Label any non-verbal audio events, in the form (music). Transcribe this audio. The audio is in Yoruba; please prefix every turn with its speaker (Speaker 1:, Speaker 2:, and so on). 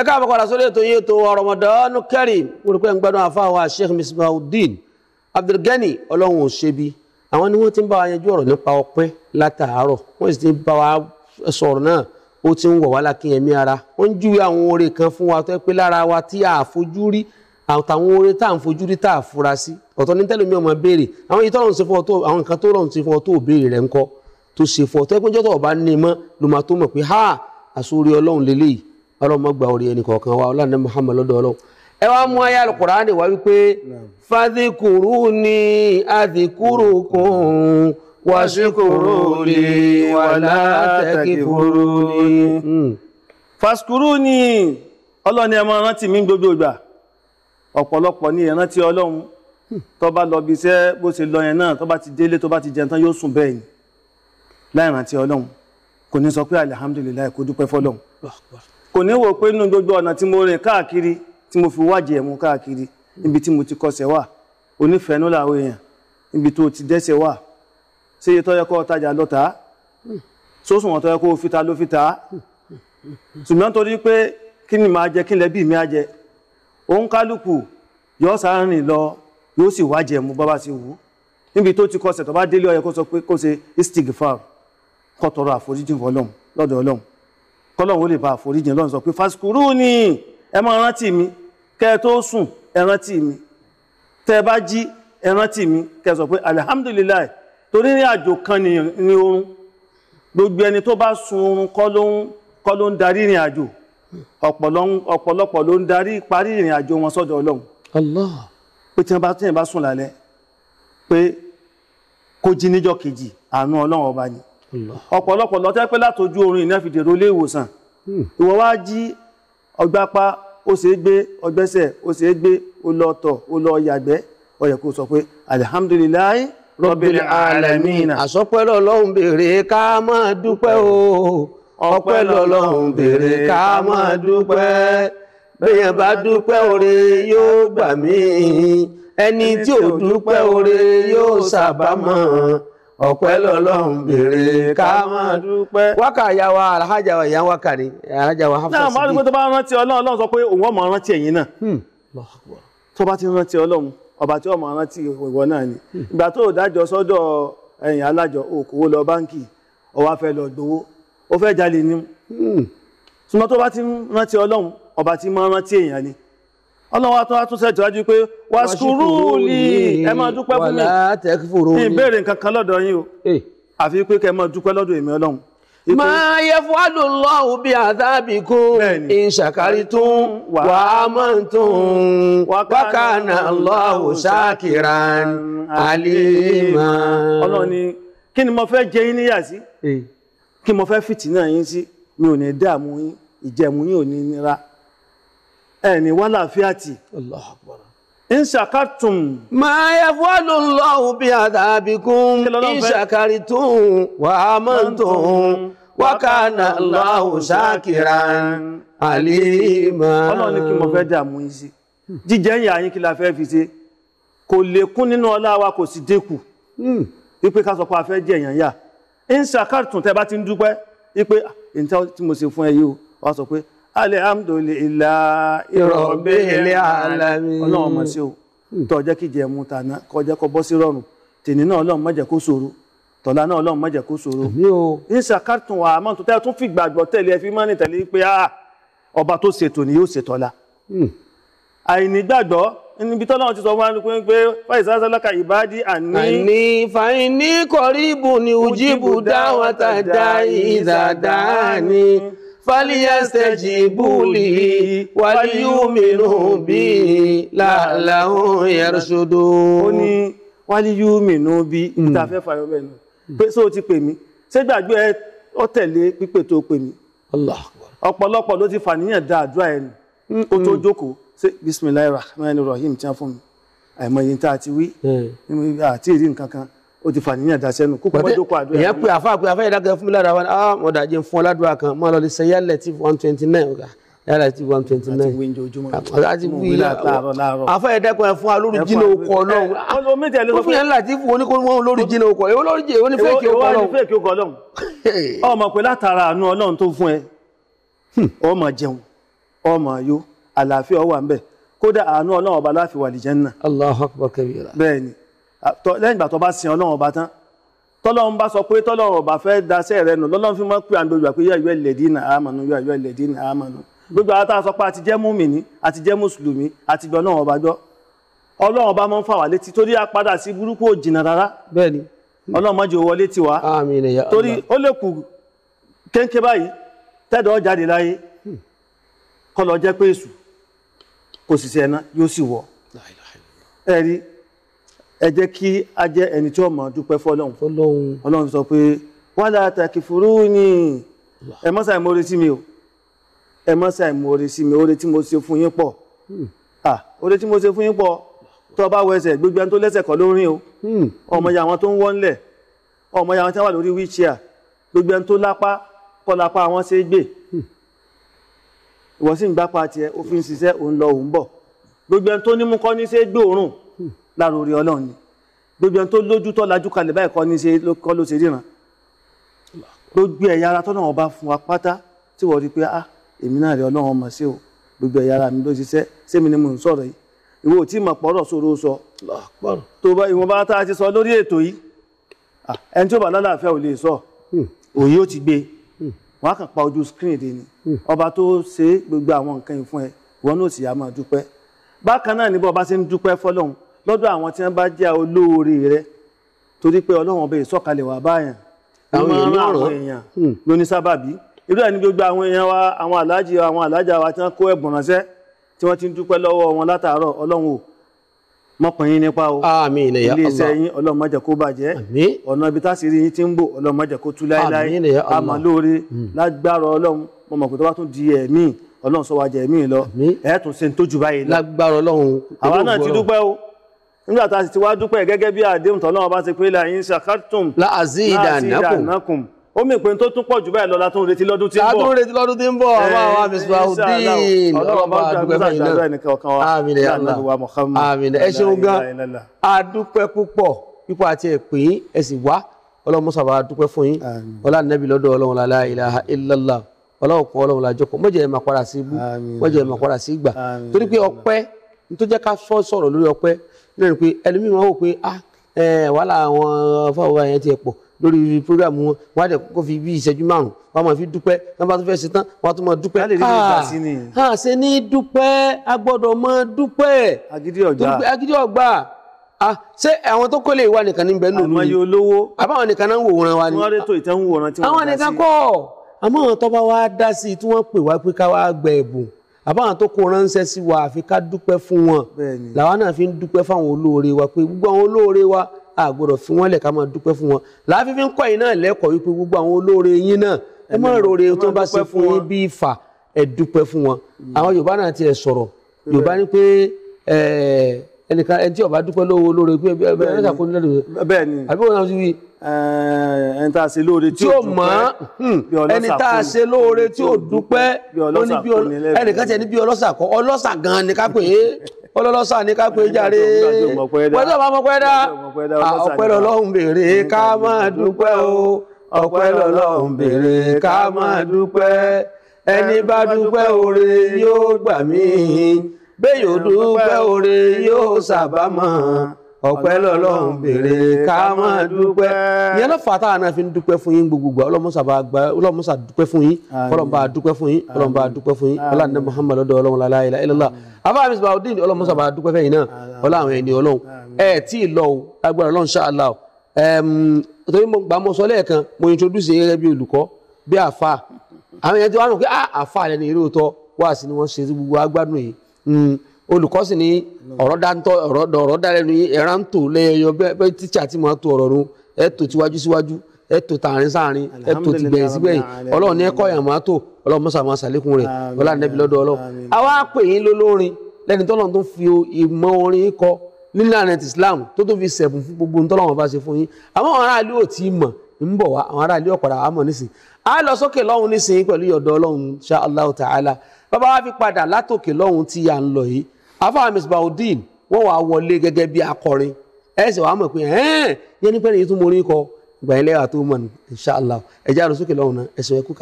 Speaker 1: ẹ káàbọ̀ padà sórí ètò yìí ètò Ramadan Kareem orúkọ ẹ̀ àfáwà Sheikh Misbahudeen Abdulgani ọlọ́run òṣèbí àwọn ni wọ́n ti ń bá wa yanjú ọ̀rọ̀ nípa ọpẹ́ látàárọ̀ wọ́n sì ti ń bá wa sọ̀rọ̀ náà ó ti ń wọ̀ wá lákìnyẹ̀mí ara wọ́n ń júwe àwọn oore kan fún wa tó pé lára wa tí a fojú rí àtàwọn oore tá à ń fojú rí tá à fura sí ọ̀tọ̀ ní tẹ́lẹ̀ mi ọmọ béèrè àwọn èyí tọ́lọ́run ṣe fún ọ tó àwọn nǹkan tó rọrùn ṣe fún ọ tó béèrè rẹ̀ ńkọ́ tó ṣe fún ọ tó pé jọ́tọ̀ ọ̀bá ní mọ́ ló máa tó mọ̀ pé ha àsórí ọlọ́run lélẹ́yìí ọlọ́run mọ́ gba orí ẹnì kọ̀ọ̀kan wa ọlọ́run náà Muhammad lọ́dọ̀ ọlọ́run ẹ wá mú ayé alukurani wá wípé fadhikuru hmm. ni adhikurukum wàṣíkòrò lè wà látẹ̀kìkòrò ni. fàṣkúrú ni
Speaker 2: ọlọ́ni ẹ máa rántí mi gbogbo ìgbà ọ̀pọ̀lọpọ̀ ni ìrántí ọlọ́run hmm. tó bá lọ bí iṣẹ́ bó ṣe lọ yẹn náà tó bá ti délé tó bá ti jẹun tán yóò sùn bẹ́ẹ̀ ni láì rántí ọlọ́run kò ní sọ pé alihamudulilayi kò dúpẹ́ fọlọ́run. kò ní wò pé nínú gbogbo ọ̀nà tí mo rìn káàkiri tí mo fi wájì ẹ̀mú káàkiri níbi tí mo ti kọsẹ̀ wà onífẹ̀ẹ́nú làwọn èèyàn níbi tó ti dẹ́sẹ̀ wà ṣé tọ́yẹ kọ́ ọ̀tajà lọ́ta sósùn ọ̀tọ́yẹ o ló ṣùgbọ́n torí pé kí ni màá jẹ kí mi á jẹ òun kálukú lọ yóò sì wájì ẹ̀mú ti wù níbi ti kọsẹ̀ bá délé kó sọ pé kó ṣe istigfar àforíjì lọ́dọ̀ kọ́lọ́hún ó lè bá àforíjìn lọ́nà sọ pé fásikúrú ni ẹ máa rántí mi kẹ́ ẹ tó sùn ẹ rántí mi tẹ́ ẹ bá jí ẹ rántí mi kẹ́ ẹ sọ pé alihamudulilayi torí ní àjò kan ní oorun gbogbo ẹni tó bá sun oorun kọ́ ló ń darí ìrìn àjò ọ̀pọ̀lọpọ̀ ló ń darí parí ìrìn àjò wọn sọ́dọ̀ ọlọ́run Allah pé tí wọ́n bá tún yẹn bá sùn lálẹ́ pé kó jí níjọ́ kejì àánú ọlọ́run ọba ni ọ̀pọ̀lọpọ̀ lọ tẹ́ pé látojú orin ìná fi dèrò ilé ìwòsàn hmm. ìwọ wá jí ọgbápá ó ṣe é gbé ọgbẹ́sẹ̀ ó ṣe é gbé ó lọ tọ̀ ó lọ yàgbẹ́
Speaker 1: ó yẹ kó sọ pé alihamudulilayi Rabbil alamina. àsọpẹ́ lọ́lọ́run béèrè ká máa dúpẹ́ o ọpẹ́ lọ́lọ́run béèrè ká máa dúpẹ́ bẹ́yàn bá dúpẹ́ oore yóò gbà mí ẹni tí ò dúpẹ́ oore yóò ṣàbámọ̀. ọpẹ́ lọ́lọ́run béèrè ká máa dúpẹ́. wákà ìyá wa alhaja wa ìyá wákà alhaja wa tó bá
Speaker 2: rántí ọlọ́run ọlọ́run sọ pé òun ọmọ rántí náà hmm. tó bá ti rántí ọlọ́run ọba tí ọmọ rántí ìwọ náà ni hmm. ìgbà tó o dájọ sọ́dọ̀ ẹ̀yìn alájọ òkòwò lọ báńkì hmm. tó bá ti rántí ọlọ́run ọba ti máa ọlọ́wọ́ tó wá tún sẹ́jọ́ pé wá ṣùkúrú ni ẹ dúpẹ́
Speaker 1: fún mi ní ìbéèrè
Speaker 2: lọ́dọ̀ yín o eh. àfi pé kẹ́ máa
Speaker 1: dúpẹ́ lọ́dọ̀ èmi ọlọ́run. máa yẹ fúwádùn lọ́hùn bí àdábì kún ìṣàkárí tún wà á mọ̀ tún wákàna lọ́hùn ṣáàkìrán àlímà. ọlọ́run kí ni mo fẹ́ jẹ yín níyà sí
Speaker 2: eh. kí mo fẹ́ fìtínà yín sí mi ò ní dààmú yín ìjẹ̀mú yín ò ní nira
Speaker 1: ẹni wá láàfíà tì. Allahu Akbar. in shakartum. ma yaf'alu Allahu bi adhabikum in shakartum wa amantum wa kana Allahu shakiran alima. ọlọ́run ní kí mo fẹ́ dààmú yín sí jíjẹ́ ń yà yín kí la fẹ́ fi ṣe kò
Speaker 2: lékún nínú ọlá wa kò sì dínkù hmm. wípé ká sọ pé a fẹ́ jẹ èèyàn yà in shakartum tẹ́ bá ti ń dúpẹ́ wípé ìntẹ́ ah, tí mo ṣe fún ẹ yìí o sọ pé alhamdulillah rabbil alamin ọlọ́run mọ̀ sí o hmm. tó jẹ́ kí jẹ mú tàná kó jẹ́ kó bọ́ sí rọrùn tèní náà ọlọ́run má jẹ́ kó ṣòro tọ̀la náà ọlọ́run má jẹ́ kó ṣòro ìṣàkàtún wa àmọ́ tó tẹ́ tún fi gbàgbọ́ tẹ̀lé ẹfí mọ́ni tẹ̀lé pé ah, ọba tó ṣètò ni yóò ṣètò ọ̀la hmm. àìnígbàgbọ́ níbi tọ́lọ́run ti sọ wá ní pé
Speaker 1: fàìsá sálákà ìbádí àní. àní fàìní kọrí ibù ni òjìbù dáwọ́ta dá ìzàdá ni. فليستجيبوا لي وليؤمنوا بي لعلهم يرشدون.
Speaker 2: ó ní وليؤمنوا بي níta fẹ́ fàyọ mẹ́nu pé sóò ti pè mí ṣé gbàgbé ẹ ọ tẹ̀lé pípé tó pè mí. ọ̀pọ̀lọpọ̀ ló ti fàníyàn da àdúrà ẹ̀ nù kó tó jókòó ṣe bismillahir rahmanir rahim tí fún mi àìmọye a ti ó ti fàníyàn dá sẹ́nu kó pẹ́ dókò àdúrà. èèyàn pé
Speaker 1: àfa pé àfa yẹn dákẹ́ fún mi lára wa ah mo dàjẹ́ fún ọ kan mo lọ lè sẹ́yà lẹ́tí one twenty nine ọ̀gá yàrá ti one twenty nine àti wíńdí ojúmọ́ ah, àti wíńdí láàárọ̀ láàárọ̀ afẹ́yẹ̀dẹ́kun ẹ̀ fún alórìjìnà okọ̀ ọlọ́run ó fún yẹn láti fún oníkóhun olórìjìnà okọ̀ èwo lórìjì èwo ni fẹ́ẹ̀kì okọ̀ ọlọ́run. èwo ni
Speaker 2: fẹ́ẹ̀kì okọ̀ ọlọ́run ọmọ (laughs) pé látara àánú ọlọ́run tó fún ẹ ọmọ jẹun ọmọ yó àlàáfíà ọwà ń bẹ kódà àánú ọlọ́run ọba Ah, lẹ́yìn ìgbà tó bá sin ọlọ́run ọba tán tọ́lọ́run bá sọ pé tọ́lọ́run ọba fẹ́ daṣẹ́ rẹ nù lọ́lọ́run fi máa ń pè àwọn gbogbo àpéyà yọ ẹlẹ́dínà àmànú yọ ayọ ẹlẹ́dínà àmànú gbogbo àwọn táwọn sọ pé àti jẹ́ mùmìnì àti jẹ́ mùsùlùmí àti gbọ́ ọlọ́run ọba gbọ́ ọlọ́run ọba máa ń fà wá létí torí a padà sí burúkú ò jìnnà rárá bẹ́ẹ̀ni ọlọ́run má jẹ́ ó wọlé tì wá torí ó lè kù kéńké báyìí tẹ́dọ̀ jáde láyé hmm. kọ́ lọ jẹ́ pé èṣù kò sì sí ẹ̀ná yóò sì wọ̀ ẹ̀rí ẹ jẹ́ kí a jẹ́ ẹni tí ó mọ̀ dúpẹ́ fọlọ́hún fọlọ́hún ọlọ́run sọ pé wàhálà àtàkì fúrú ni ẹ mọ́ sàì mọ́re sí mi o ẹ mọ́ sàì mọ́re sí mi oore tí mo ṣe fún yín pọ̀ hmm. oore tí mo ṣe fún yín pọ̀ tó bá wọ ẹsẹ̀ gbogbo ẹni tó lẹ́sẹ̀ kọ́ lórí o hmm. ọmọ àwọn tó ń wọ́n lẹ̀ ọmọ àwọn tí wọ́n wà lórí wheelchair gbogbo ẹni tó lápá kọ́ lápá àwọn ṣe é gbé hmm. ìwọ gbápá tiẹ̀ ó ṣiṣẹ́ òun lọ òun bọ̀ gbogbo ẹni tó nímú kọ́ ní ṣe é gbé òórùn lára orí ọlọ́run ni gbogbo ẹni tó lójú tó lajú kalẹ̀ báyìí kọ́ ní ṣe kọ́ ló ṣe ríran gbogbo ẹ̀yà ara tọ́nà ọba fún wa pátá tí wọ́n rí pé ah èmi náà rí ọlọ́run ọmọ sí o gbogbo ẹ̀yà ara mi ló ṣiṣẹ́ sẹ́mi ni mò ń sọ̀rọ̀ yìí ìwọ ò tí ì mọ̀ pọ̀rọ̀ sóró sọ tó bá ìwọ̀nba tá a ti sọ lórí ètò yìí ẹni tí ó bá lálàáfíà ò lè sọ hmm. òye ó ti gbé hmm. wọn á kàn pa ojú screen dé ni hmm. ọba tó ṣe gbogbo àwọn nǹkan yìí ẹ wọn náà sì yá máa dúpẹ́ bákan náà ni bọ́ọ̀ bá ṣe ń dúpẹ́ fọlọ́run lọ́dọ̀ àwọn tí wọ́n bá jẹ́ olóore rẹ torí pé ọlọ́run ọbẹ̀ ìsọ̀kalẹ̀ wà báyàn àwọn èèyàn àwọn hmm. ló ní sábàbí irú ẹ̀ ní gbogbo àwọn èèyàn wa àwọn aláàjì àwọn aláàjà wa tí wọ́n kó ẹ̀bùn ránṣẹ́ tí wọ́n ti ń dúpẹ́ lọ́wọ́ wọn látàárọ̀ ọlọ́run ò
Speaker 1: mọ́kànyín nípa o iléeṣẹ́
Speaker 2: yín ọlọ́run má jẹ́ kó bàjẹ́ ọ̀nà ibi tá sì rí yín ti ń bò ọlọ́run má jẹ́ kó tú láéláé àmọ́ lóore hmm. lágbára ọlọ́run mo mọ̀ pé tó bá sọ wájà ẹ̀mí lọ ẹ̀ẹ́tùn ṣe ń tójú báyìí lọ lágbára ọlọ́run àwa náà ti dúpẹ́ o nígbà tá a sì ti wá dúpẹ́ gẹ́gẹ́ bí àdéhùn tọ́lọ́wọ́ bá ti pé la in shakartum la azidannakum ó mì pé tó tún pọ̀ jù báyìí lọ látún retí lọ́dún tí ń bọ̀ látún retí lọ́dún tí ń bọ̀ ọba wa Misbahudeen ọlọ́wọ́ bá dúpẹ́ fẹ́yìn náà àmín ya Allah
Speaker 1: àmín ẹ ṣeun gan adúpẹ́ púpọ̀ pípa àti ẹ̀pẹ́ ẹ sì wá ọlọ́mọ sábà dúpẹ́ fún yín ọlá nẹ́bí lọ́dọ̀ ọlọ́run la ilaha illallah ọlọ́run kan ọlọ́run la jọkọ̀ mọ́jẹ̀ ẹ̀ máa padà sí ibú mọ́jẹ̀ ẹ̀ máa padà sí náà ni pé ẹlòmíì wọn wò pé ah wàhálà àwọn fáwọn yẹn ti ẹ̀ pọ̀ lórí programu wọn wọn á dẹ kó fi bí ìṣẹ́jú márùn wọn máa fi dúpẹ́ wọn bá tún fẹ́ ṣe tán wọn á tún máa dúpẹ́. láti rí ah, ìgbà sí ni. a ṣe ní dúpẹ́ a gbọ́dọ̀ máa dúpẹ́. agídí ọ̀gbà agídí ọ̀gbà a ah, ṣé àwọn tó kọ́lé wa nìkan ní bẹ́ẹ̀ lòlù. àmọye olówó. àbáwọn nìkan náà ń wòran wa ni. wọn rẹ tó ìtẹ́wọ̀n
Speaker 2: wòran tí wọ́n dá sí. àwọn nìkan kọ́
Speaker 1: àmọ́ àwọn tó bá wá dá sí tí wọ́n pè wá pé ká wá gbẹ ẹ̀bùn àbáwọn tó kó ránṣẹ́ sí wa àfi ká dúpẹ́ fún wọn làwa náà fi ń dúpẹ́ fáwọn olóore wa pé gbogbo àwọn olóore wa a gbọ́dọ̀ fi wọ́n lẹ̀ ká máa dúpẹ́ fún wọn làáfi fi ń kọ́ yín náà lẹ́kọ̀ọ́ wípé gbogbo àwọn olóore yín náà ẹ má rore tó bá ṣe fún yín bí ìfà ẹ dúpẹ́ fún wọn àwọn Yorùbá náà tiẹ̀ sọ̀rọ̀ Yorùbá ní pé ẹnìkan ẹni tí ó dúpẹ́ lọ́wọ́ olóore pé ẹ ẹni tá a ṣe lóore tí ó mọ̀
Speaker 2: ẹni tá a ṣe lóore tí ó dúpẹ́ ẹnìkan tẹ̀
Speaker 1: ní bí ọlọ́ṣà kọ́ ọlọ́ṣà gan ni ká pè é (laughs) ọlọ́lọ́ṣà ni ká pè é jàre pẹ̀lú ọba ọmọpẹ́ dá ọpẹ́ lọ́lọ́hún béèrè ká máa dúpẹ́ o ọpẹ́ lọ́lọ́hún béèrè ká máa dúpẹ́ ẹni bá dúpẹ́ oore yóò gbà míì bẹ́ẹ̀ yóò dúpẹ́ oore yóò ṣàbámọ̀ ọpẹ́ lọ́lọ́run béèrè ká máa dúpẹ́ ìyẹn náà fàtà náà fi ń dúpẹ́ fún yín gbogbogbò ọlọmọsà dúpẹ́ fún yín ọlọmọba dúpẹ́ fún yín ọlọmọba dúpẹ́ fún yín ọlọmọdé muhammed ọdọ ọlọmọlá aláìlá ilẹlá afa mi sọba ọdún ọlọmọsà bá dúpẹ́ fẹ̀yìn náà ọlọ àwọn ẹni Ọlọ́run ẹ tí ì lọ o agbára Ọlọ́run ṣáàlà o torí mo gbà mọ sọ lẹ́ẹ̀kan mo introduce gẹ́gẹ́ bí olùkọ́ bí àfa àwọn ẹni tí wọn rò pé ah, àfa rẹ ni eré òótọ́ wá sí ni wọn ṣe gbogbo agbádùn yìí hmm olùkọ́ sì ní ọ̀rọ̀ dáńtọ́ ọ̀rọ̀ dálẹ́nu ẹ̀rá ń tò lẹ́yọ bẹ́ẹ̀ tíṣà tí máa to ọ̀rọ̀ nu ẹ̀ tó tiwájú síwájú ẹ̀ tó tààrin sáàrin ẹ̀ tó ti gbẹ̀yìn sígbẹ̀yìn ọlọ́run ní ẹ̀kọ́ yàn máa tò ọlọ́run mọ́sà máa ṣàlékún rẹ̀ ọlá nẹ́bí lọ́dọ̀ ọlọ́run. àwa pè yín lólórin lẹ́ni tọ́lọ́run tó fi ìmọ̀ orin kọ nílànà Islam tó tó fi sẹ̀bùn fún gbogbo tọ́lọ́run bá ṣe fún yín àmọ́ àwọn aráàlú ò tí ì mọ̀ ń bọ̀ wá àwọn aráàlú ọ̀padà wà mọ̀ nísìn á lọ sókè lọ́hùn nísìn pẹ̀lú ìyọ̀dọ̀ ọlọ́run ta'ala bàbá wa fi padà látòkè lọ́hùn tí à afa Misbahudeen wọ́n wàá wọlé gẹ́gẹ́ bí akọrin ẹ̀sẹ̀ wàá mọ̀ pé ẹ̀ẹ́n yẹn nípẹ́ nìyí tó mọ orin kọ ìgbà yẹn lẹ́yà tó mọ̀ ní inṣàlá ẹ̀já lọ sókè lọ́hùn náà ẹ̀sẹ̀ ẹ̀kú